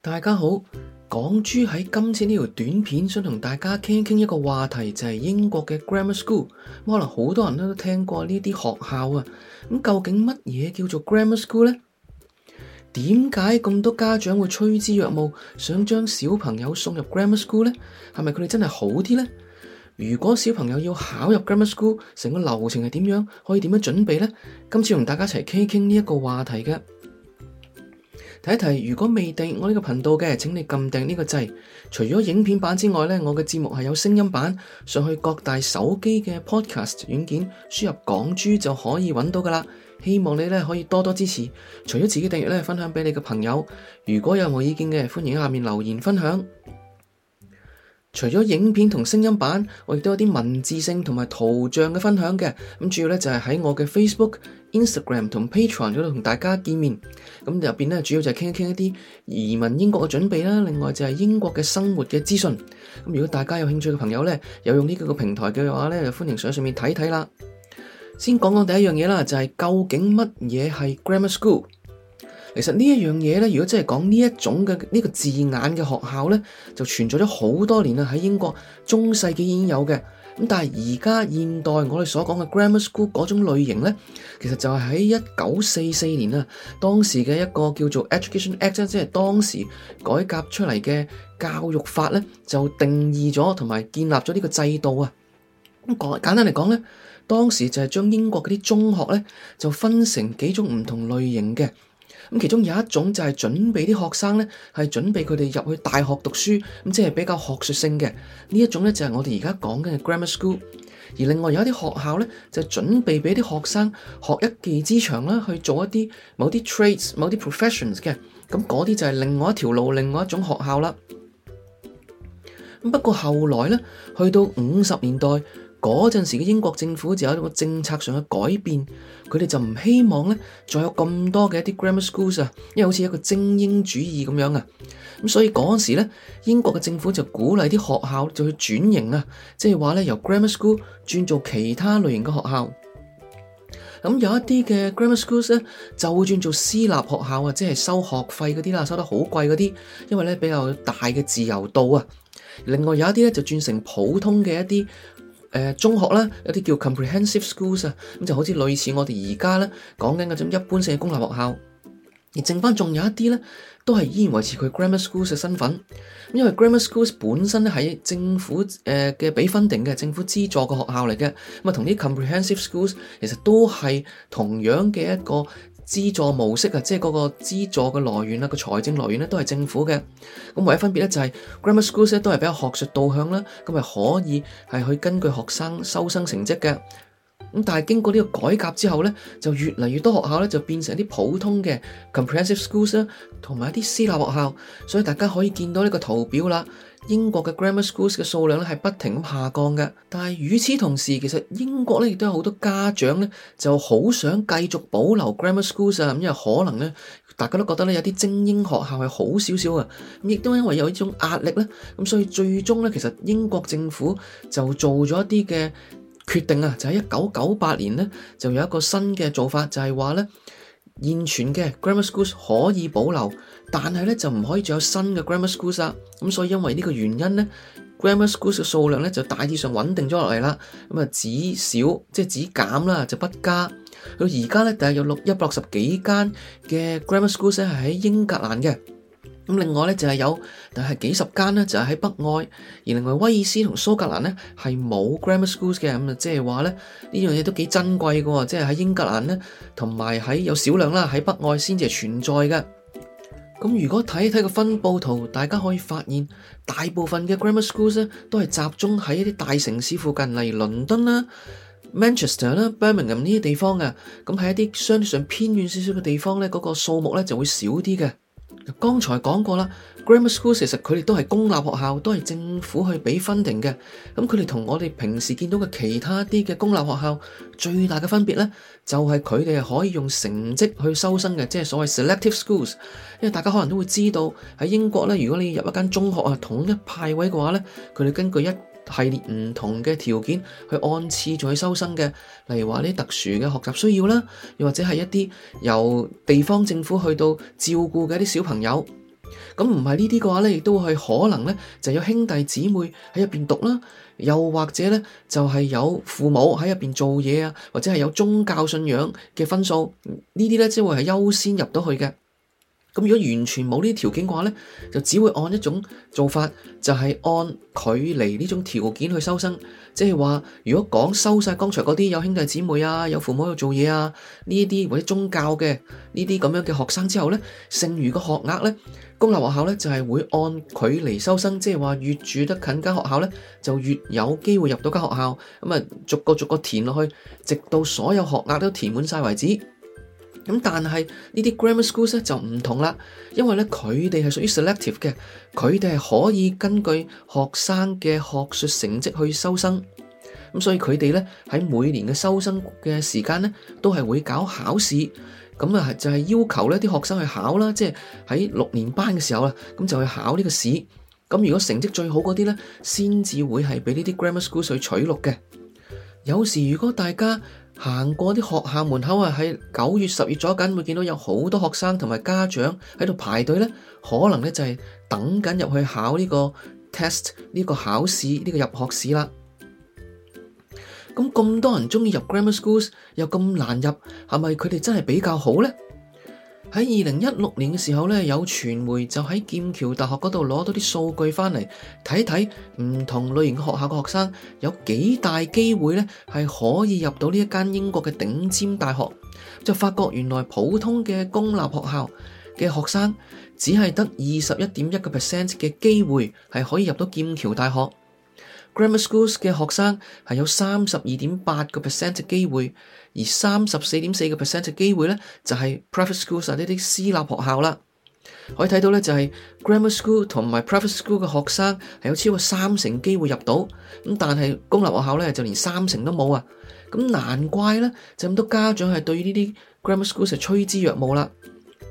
大家好，港珠喺今次呢條短片想同大家傾傾一個話題，就係英國嘅 grammar school。可能好多人都聽過呢啲學校啊，咁究竟乜嘢叫做 grammar school 呢？點解咁多家長會趨之若鶩，想將小朋友送入 grammar school 呢？係咪佢哋真係好啲呢？如果小朋友要考入 grammar school，成個流程係點樣？可以點樣準備呢？今次同大家一齊傾傾呢一個話題嘅。提一提，如果未訂我呢個頻道嘅，請你撳定呢個掣。除咗影片版之外呢，我嘅節目係有聲音版，上去各大手機嘅 Podcast 軟件，輸入港珠就可以搵到㗎喇。希望你呢可以多多支持，除咗自己訂閱呢，分享俾你嘅朋友。如果有冇意見嘅，歡迎喺下面留言分享。除咗影片同聲音版，我亦都有啲文字性同埋圖像嘅分享嘅咁。主要咧就係喺我嘅 Facebook、Instagram 同 Patreon 度同大家見面咁，入面咧，主要就係傾一傾一啲移民英國嘅準備啦。另外就係英國嘅生活嘅資訊咁。如果大家有興趣嘅朋友咧，有用呢幾個平台嘅話咧，就歡迎上上面睇睇啦。先講講第一樣嘢啦，就係究竟乜嘢係 Grammar School。其實呢一樣嘢咧，如果真係講呢一種嘅呢個字眼嘅學校咧，就存在咗好多年啦。喺英國中世紀已經有嘅，咁但係而家現代我哋所講嘅 Grammar School 嗰種類型咧，其實就係喺一九四四年啊，當時嘅一個叫做 Education Act，即係當時改革出嚟嘅教育法咧，就定義咗同埋建立咗呢個制度啊。咁講，簡單嚟講咧，當時就係將英國嗰啲中學咧就分成幾種唔同類型嘅。其中有一種就係準備啲學生呢，係準備佢哋入去大學讀書，咁即係比較學術性嘅呢一種呢，就係我哋而家講嘅 grammar school。而另外有一啲學校呢就準備俾啲學生學一技之長啦，去做一啲某啲 trades、某啲 professions 嘅咁嗰啲就係另外一條路，另外一種學校啦。不過後來呢，去到五十年代，嗰陣時嘅英國政府就有一個政策上嘅改變，佢哋就唔希望呢再有咁多嘅一啲 grammar schools 啊，因為好似一個精英主義咁樣啊。咁所以嗰陣時呢，英國嘅政府就鼓勵啲學校就去轉型啊，即係話呢由 grammar school 轉做其他類型嘅學校。咁有一啲嘅 grammar schools 呢，就會轉做私立學校啊，即係收學費嗰啲啦，收得好貴嗰啲，因為呢比較大嘅自由度啊。另外有一啲呢，就轉成普通嘅一啲。誒、呃、中學咧有啲叫 comprehensive schools 啊，咁就好似類似我哋而家咧講緊嗰種一般性嘅公立學校，而剩翻仲有一啲咧都係依然維持佢 grammar schools 嘅身份，因為 grammar schools 本身咧係政府誒嘅俾分定嘅政府資助嘅學校嚟嘅，咁、嗯、啊同啲 comprehensive schools 其實都係同樣嘅一個。資助模式啊，即係嗰個資助嘅來源啊，個財政來源呢，都係政府嘅。咁唯一分別咧就係、是、grammar schools 咧都係比較學術導向啦，咁係可以係去根據學生收生成績嘅。咁但係經過呢個改革之後呢就越嚟越多學校呢就變成一啲普通嘅 comprehensive schools 同埋一啲私立學校。所以大家可以見到呢個圖表啦，英國嘅 grammar schools 嘅數量呢係不停咁下降嘅。但係與此同時，其實英國呢亦都有好多家長呢就好想繼續保留 grammar schools 啊，因為可能呢，大家都覺得呢有啲精英學校係好少少嘅。咁亦都因為有呢種壓力呢。咁所以最終呢，其實英國政府就做咗一啲嘅。決定啊，就喺一九九八年呢，就有一個新嘅做法，就係話呢，現存嘅 grammar schools 可以保留，但係呢，就唔可以再有新嘅 grammar schools 啦。咁所以因為呢個原因呢，grammar schools 嘅數量呢，就大致上穩定咗落嚟啦。咁啊，只少即係只減啦，就不加。到而家呢，就係有六一百六十幾間嘅 grammar schools 呢，係喺英格蘭嘅。另外咧就係有，但係幾十間呢，就係喺北愛。而另外威爾斯同蘇格蘭咧係冇 grammar schools 嘅，咁啊即係話呢樣嘢都幾珍貴嘅，即係喺英格蘭呢，同埋喺有少量啦喺北愛先至存在嘅。咁如果睇一睇個分佈圖，大家可以發現大部分嘅 grammar schools 呢，都係集中喺一啲大城市附近，例如倫敦啦、Manchester 啦、Birmingham 呢啲地方嘅。咁喺一啲相對上偏遠少少嘅地方呢，嗰、那個數目呢就會少啲嘅。剛才講過啦，grammar schools 其實佢哋都係公立學校，都係政府去俾 funding 嘅。咁佢哋同我哋平時見到嘅其他啲嘅公立學校最大嘅分別咧，就係佢哋係可以用成績去收生嘅，即係所謂 selective schools。因為大家可能都會知道喺英國咧，如果你入一間中學啊，統一派位嘅話咧，佢哋根據一系列唔同嘅條件去按次序收生嘅，例如話啲特殊嘅學習需要啦，又或者係一啲由地方政府去到照顧嘅一啲小朋友。咁唔係呢啲嘅話呢亦都係可能呢就有兄弟姊妹喺入邊讀啦，又或者呢就係有父母喺入邊做嘢啊，或者係有宗教信仰嘅分數呢啲呢，即會係優先入到去嘅。咁如果完全冇呢啲條件嘅話呢，就只會按一種做法，就係按距離呢種條件去收生。即係話如果講收晒剛才嗰啲有兄弟姊妹啊、有父母要做嘢啊呢啲或者宗教嘅呢啲咁樣嘅學生之後呢，剩餘嘅學額呢，公立學校呢，就係會按距離收生，即係話越住得近間學校呢，就越有機會入到間學校，咁啊逐個逐個填落去，直到所有學額都填滿晒為止。咁但係呢啲 grammar schools 咧，就唔同啦，因為咧佢哋係屬於 selective 嘅，佢哋係可以根據學生嘅學術成績去收生，咁所以佢哋咧喺每年嘅收生嘅時間咧都係會搞考試，咁啊就係要求咧啲學生去考啦，即係喺六年班嘅時候啦，咁就去考呢個試，咁如果成績最好嗰啲咧，先至會係俾呢啲 grammar schools 去取錄嘅。有時如果大家行過啲學校門口啊，喺九月、十月左近會見到有好多學生同埋家長喺度排隊咧，可能咧就係等緊入去考呢個 test 呢、呢個考試呢、呢個入學試啦。咁咁多人鍾意入 grammar schools 又咁難入，係咪佢哋真係比較好呢？喺二零一六年嘅時候咧，有傳媒就喺劍橋大學嗰度攞到啲數據翻嚟睇睇，唔同類型學校嘅學生有幾大機會咧，係可以入到呢一間英國嘅頂尖大學。就發覺原來普通嘅公立學校嘅學生只，只係得二十一點一個 percent 嘅機會係可以入到劍橋大學。grammar schools 嘅學生係有三十二點八個 percent 嘅機會，而三十四點四個 percent 嘅機會咧就係、是、private schools 啊呢啲私立學校啦。可以睇到咧就係、是、grammar school 同埋 private school 嘅學生係有超過三成機會入到，咁但係公立學校咧就連三成都冇啊。咁難怪咧就咁多家長係對呢啲 grammar schools 係趨之若鶩啦。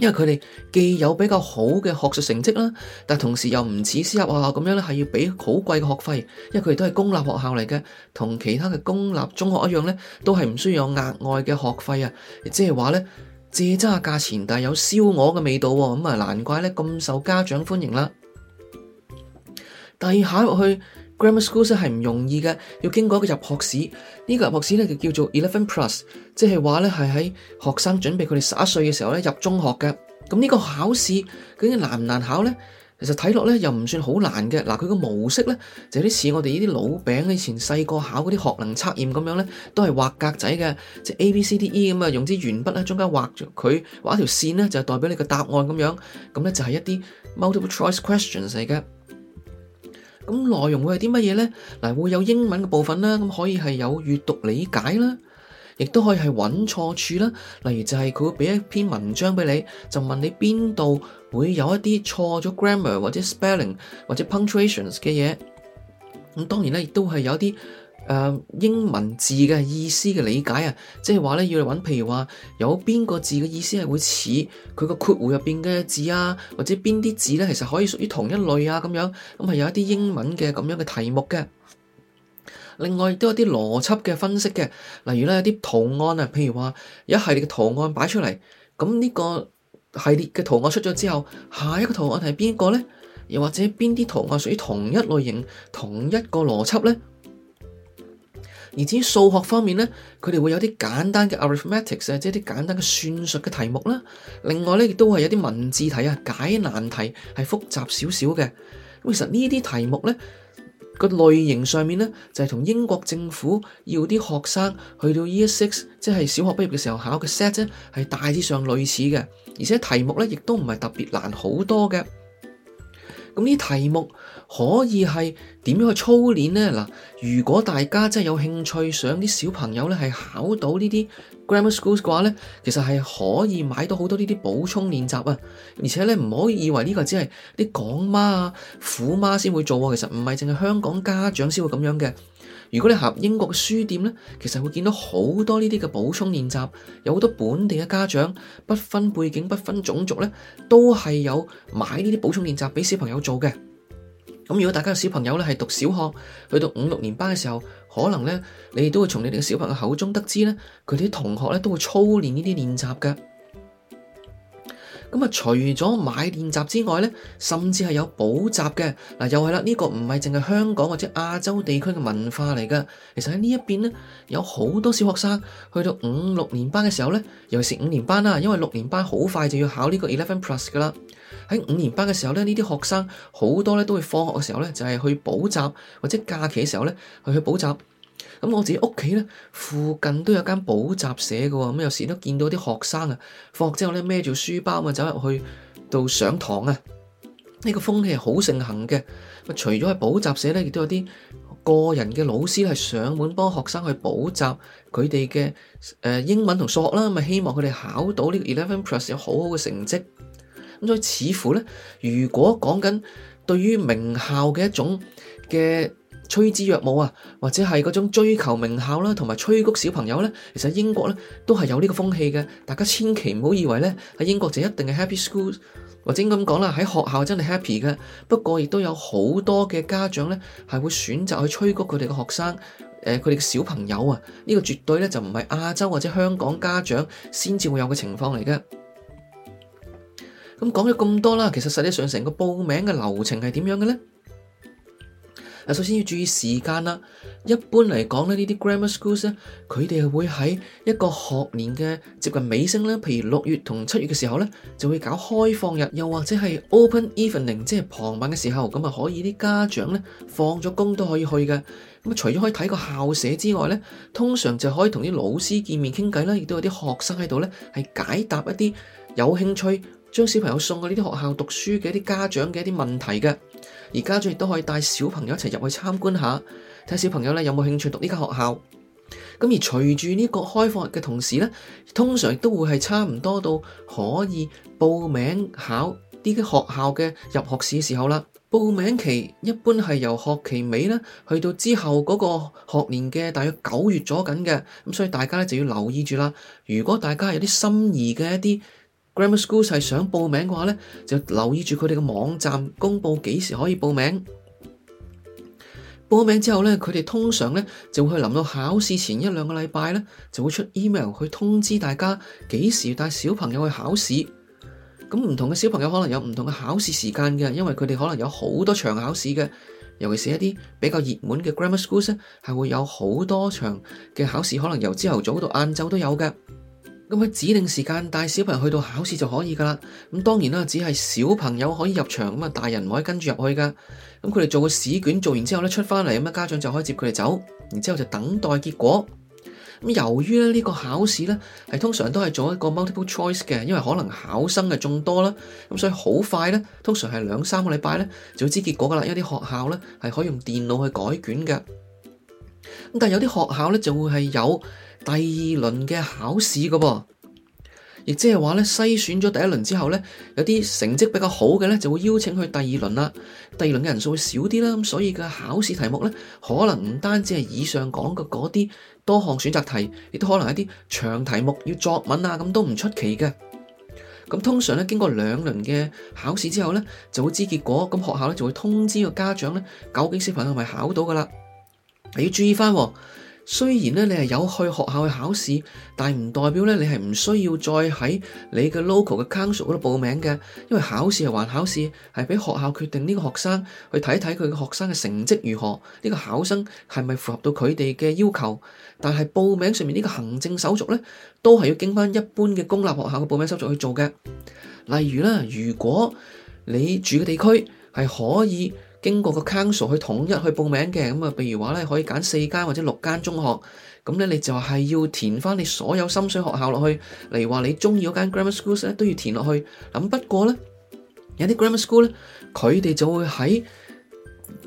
因為佢哋既有比較好嘅學術成績啦，但同時又唔似私立學校咁樣咧，係要畀好貴嘅學費。因為佢哋都係公立學校嚟嘅，同其他嘅公立中學一樣咧，都係唔需要有額外嘅學費啊。即係話咧，借揸價錢，但係有燒鵝嘅味道喎，咁啊難怪咧咁受家長歡迎啦。但係要考入去。grammar school 真係唔容易嘅，要經過一個入學試。呢個入學試咧就叫做 eleven plus，即係話咧係喺學生準備佢哋十一歲嘅時候咧入中學嘅。咁呢個考試究竟難唔難考咧？其實睇落咧又唔算好難嘅。嗱，佢個模式咧就有啲似我哋呢啲老餅，以前細個考嗰啲學能測驗咁樣咧，都係畫格仔嘅，即係 A B C D E 咁啊，用支鉛筆咧中間畫佢畫一條線咧，就代表你個答案咁樣。咁咧就係一啲 multiple choice questions 嚟嘅。咁內容會係啲乜嘢呢？嗱，會有英文嘅部分啦，咁可以係有閱讀理解啦，亦都可以係揾錯處啦。例如就係佢會俾一篇文章俾你，就問你邊度會有一啲錯咗 grammar 或者 spelling 或者 punctuations 嘅嘢。咁當然咧，亦都係有啲。呃、英文字嘅意思嘅理解啊，即係話呢，要你揾，譬如話有邊個字嘅意思係會似佢個括弧入邊嘅字啊，或者邊啲字呢？其實可以屬於同一類啊咁樣，咁係有一啲英文嘅咁樣嘅題目嘅。另外亦都有啲邏輯嘅分析嘅，例如呢，有啲圖案啊，譬如話一系列嘅圖案擺出嚟，咁呢個系列嘅圖案出咗之後，下一個圖案係邊個呢？又或者邊啲圖案屬於同一類型、同一個邏輯呢？而至於數學方面呢，佢哋會有啲簡單嘅 arithmetic 啊，即係啲簡單嘅算術嘅題目啦。另外呢，亦都係有啲文字題啊，解難題係複雜少少嘅。咁其實呢啲題目呢，個類型上面呢，就係同英國政府要啲學生去到 Year 6即係小學畢業嘅時候考嘅 set 咧係大致上類似嘅，而且題目咧亦都唔係特別難好多嘅。咁呢題目可以係點樣去操練呢？嗱，如果大家真係有興趣，想啲小朋友咧係考到呢啲 grammar schools 嘅話咧，其實係可以買到好多呢啲補充練習啊！而且咧唔可以以為呢個只係啲港媽啊、虎媽先會做啊，其實唔係淨係香港家長先會咁樣嘅。如果你行英國嘅書店呢，其實會見到好多呢啲嘅補充練習，有好多本地嘅家長不分背景、不分種族呢，都係有買呢啲補充練習俾小朋友做嘅。咁如果大家嘅小朋友咧係讀小學，去到五六年班嘅時候，可能呢你亦都會從你哋嘅小朋友口中得知咧，佢哋啲同學呢都會操練呢啲練習嘅。除咗買練習之外咧，甚至係有補習嘅嗱，又係啦，呢、呢個唔係淨係香港或者亞洲地區嘅文化嚟嘅。其實喺呢一邊咧，有好多小學生去到五六年班嘅時候咧，尤其是五年班啦，因為六年班好快就要考呢個 eleven plus 噶啦。喺五年班嘅時候咧，呢啲學生好多咧都會放學嘅時候咧，就係去補習或者假期嘅時候咧，去補習。咁、嗯、我自己屋企咧，附近都有間補習社嘅、哦，咁、嗯、有時都見到啲學生啊，放學之後咧，孭住書包啊，走入去度上堂啊，呢個風氣係好盛行嘅、嗯。除咗喺補習社咧，亦都有啲個人嘅老師係上門幫學生去補習佢哋嘅誒英文同數學啦，咁、嗯、啊希望佢哋考到呢個 Eleven Plus 有好好嘅成績。咁、嗯、所以似乎咧，如果講緊對於名校嘅一種嘅。吹之若舞啊，或者係嗰種追求名校啦，同埋吹谷小朋友呢。其實英國呢都係有呢個風氣嘅。大家千祈唔好以為呢喺英國就一定係 Happy School，或者咁講啦，喺學校真係 happy 嘅。不過亦都有好多嘅家長呢係會選擇去吹谷佢哋嘅學生，誒佢哋嘅小朋友啊，呢個絕對呢就唔係亞洲或者香港家長先至會有嘅情況嚟嘅。咁講咗咁多啦，其實實際上成個報名嘅流程係點樣嘅呢？首先要注意時間啦。一般嚟講咧，呢啲 grammar schools 咧，佢哋係會喺一個學年嘅接近尾聲咧，譬如六月同七月嘅時候咧，就會搞開放日，又或者係 open evening，即係傍晚嘅時候，咁啊可以啲家長咧放咗工都可以去嘅。咁啊，除咗可以睇個校舍之外咧，通常就可以同啲老師見面傾偈啦，亦都有啲學生喺度呢係解答一啲有興趣將小朋友送到呢啲學校讀書嘅一啲家長嘅一啲問題嘅。而家長亦都可以帶小朋友一齊入去參觀下，睇小朋友咧有冇興趣讀呢間學校。咁而隨住呢個開放日嘅同時咧，通常都會係差唔多到可以報名考呢啲嘅學校嘅入學試嘅時候啦。報名期一般係由學期尾咧去到之後嗰個學年嘅大約九月左右嘅，咁所以大家咧就要留意住啦。如果大家有啲心儀嘅一啲 Grammar schools 係想報名嘅話咧，就留意住佢哋嘅網站公佈幾時可以報名。報名之後咧，佢哋通常咧就會去臨到考試前一兩個禮拜咧，就會出 email 去通知大家幾時帶小朋友去考試。咁唔同嘅小朋友可能有唔同嘅考試時間嘅，因為佢哋可能有好多場考試嘅，尤其是一啲比較熱門嘅 grammar schools 咧，係會有好多場嘅考試，可能由朝頭早到晏晝都有嘅。咁喺指定時間帶小朋友去到考試就可以噶啦。咁當然啦，只係小朋友可以入場，咁啊大人唔可以跟住入去噶。咁佢哋做個試卷做完之後咧，出翻嚟咁啊家長就可以接佢哋走，然之後就等待結果。咁由於咧呢個考試咧係通常都係做一個 multiple choice 嘅，因為可能考生嘅眾多啦，咁所以好快咧，通常係兩三個禮拜咧就會知結果噶啦。因為啲學校咧係可以用電腦去改卷嘅，咁但係有啲學校咧就會係有。第二輪嘅考試嘅噃，亦即係話咧，篩選咗第一輪之後咧，有啲成績比較好嘅咧，就會邀請去第二輪啦。第二輪嘅人數會少啲啦，咁所以嘅考試題目咧，可能唔單止係以上講嘅嗰啲多項選擇題，亦都可能係一啲長題目，要作文啊，咁都唔出奇嘅。咁通常咧，經過兩輪嘅考試之後咧，就會知結果，咁學校咧就會通知個家長咧，究竟小朋友係咪考到噶啦。要注意翻。雖然咧，你係有去學校去考試，但係唔代表咧你係唔需要再喺你嘅 local 嘅 council 嗰度報名嘅。因為考試係還考試，係俾學校決定呢個學生，去睇睇佢嘅學生嘅成績如何，呢個考生係咪符合到佢哋嘅要求？但係報名上面呢個行政手續呢，都係要經翻一般嘅公立學校嘅報名手續去做嘅。例如啦，如果你住嘅地區係可以。經過個 council 去統一去報名嘅，咁啊，譬如話咧，可以揀四間或者六間中學，咁咧你就係要填翻你所有心水學校落去，例如話你中意嗰間 grammar schools 咧都要填落去。咁不過咧，有啲 grammar school 咧，佢哋就會喺誒、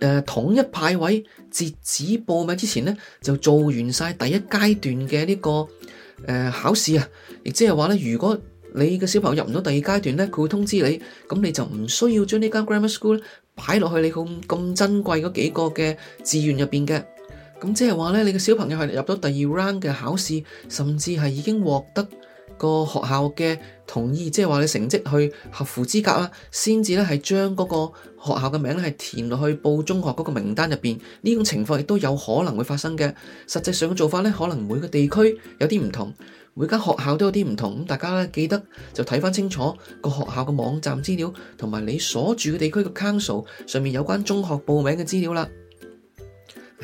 呃、統一派位截止報名之前咧，就做完晒第一階段嘅、這個呃、呢個誒考試啊，亦即係話咧，如果你嘅小朋友入唔到第二階段咧，佢會通知你，咁你就唔需要將呢間 grammar school 咧。擺落去你咁咁珍貴嗰幾個嘅志願入面嘅，咁即係話咧，你嘅小朋友係入咗第二 round 嘅考試，甚至係已經獲得個學校嘅同意，即係話你成績去合乎資格啦，先至咧係將嗰個學校嘅名咧係填落去報中學嗰個名單入面，呢種情況亦都有可能會發生嘅。實際上嘅做法咧，可能每個地區有啲唔同。每間學校都有啲唔同，咁大家咧記得就睇翻清楚個學校嘅網站資料，同埋你所住嘅地區嘅 council 上面有關中學報名嘅資料啦。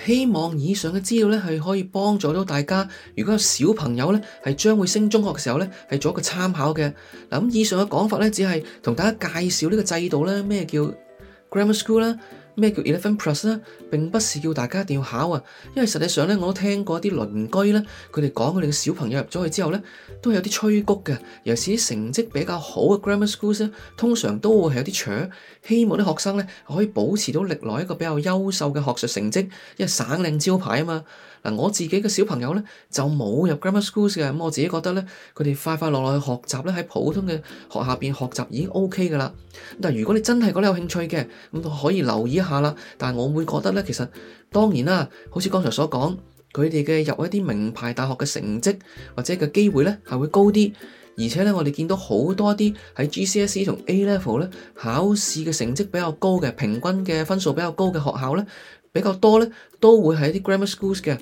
希望以上嘅資料咧係可以幫助到大家。如果有小朋友咧係將會升中學嘅時候咧係做一個參考嘅。嗱咁以上嘅講法咧只係同大家介紹呢個制度咧咩叫 grammar school 啦。咩叫 Eleven Plus 呢？並不是叫大家一定要考啊，因為實際上呢，我都聽過啲鄰居呢，佢哋講佢哋嘅小朋友入咗去之後呢，都係有啲催谷嘅。尤其是啲成績比較好嘅 Grammar Schools 呢，通常都會係有啲搶，希望啲學生呢，可以保持到歷來一個比較優秀嘅學術成績，因為省靚招牌啊嘛。我自己嘅小朋友呢，就冇入 grammar schools 嘅，我自己覺得呢，佢哋快快樂樂去學習呢，喺普通嘅學校入面學習已經 OK 嘅啦。但如果你真係覺得有興趣嘅，咁可以留意一下啦。但係我會覺得呢，其實當然啦，好似剛才所講，佢哋嘅入一啲名牌大學嘅成績或者嘅機會呢，係會高啲，而且呢，我哋見到好多啲喺 GCSE 同 A level 呢考試嘅成績比較高嘅，平均嘅分數比較高嘅學校呢，比較多呢都會係一啲 grammar schools 嘅。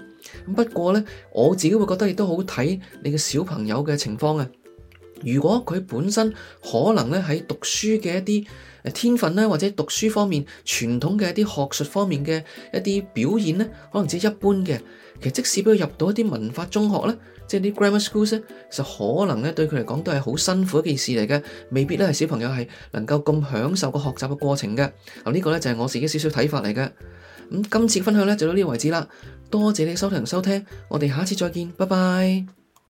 不過呢，我自己會覺得亦都好睇你嘅小朋友嘅情況啊。如果佢本身可能呢喺讀書嘅一啲天分呢、啊，或者讀書方面傳統嘅一啲學術方面嘅一啲表現呢，可能只係一般嘅。其實即使俾佢入到一啲文化中學呢，即係啲 grammar school 呢，就可能呢對佢嚟講都係好辛苦一件事嚟嘅，未必呢係小朋友係能夠咁享受個學習嘅過程嘅。嗱呢個呢就係我自己少少睇法嚟嘅。今次分享咧就到呢個位置啦，多謝你收聽收聽，我哋下次再見，拜拜。